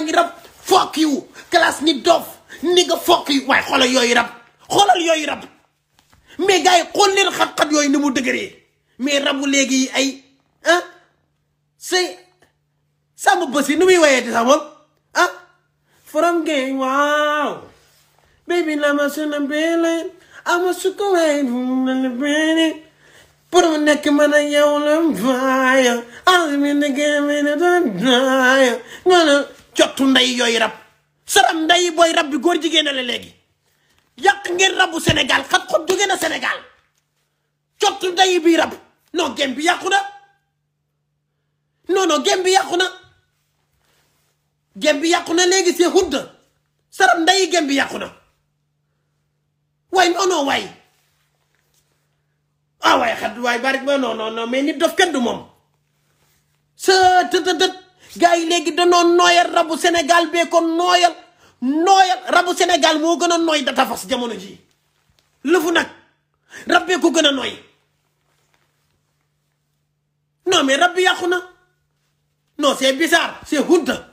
ngi rab fokk yu classe ni dof ni nga fokk waaye xoolal yooyu rab xoolal yooyu rab mais gars yi xool leen xat-xat yooyu ni mu dëgëree mais rabu léegi ay ah say sàmm bës nu muy wayee te sax moom gay waaw baby la ma suna bele ama sukuway nal bene pour mu nekk mën a yow la vaaya almi ndegee mi ne doon daaya cottu ndey yoy rab saram ndey booy rab bi góor jigéen la léegi yàq ngeen rabu senegal xat xot jóge na Sénégal cottu ndey bi rab non gém bi yàqu na non non gém bi yàqu na gém bi yàqu na léegi c'est hudda saram ndey gém bi yàqu na waaye oh non waay ah waay xat waay barik ma non non non mais dof kenn du moom sa tëtëtët gars yi léegi danoo nooyal rabu Sénégal bee ko nooyal nooyal rabu Sénégal moo gën a nooy data fas jamono ji lëfu nag rab bee ko gën a nooy non mais rab bi yàqu na non c'est bizarre c'est hunta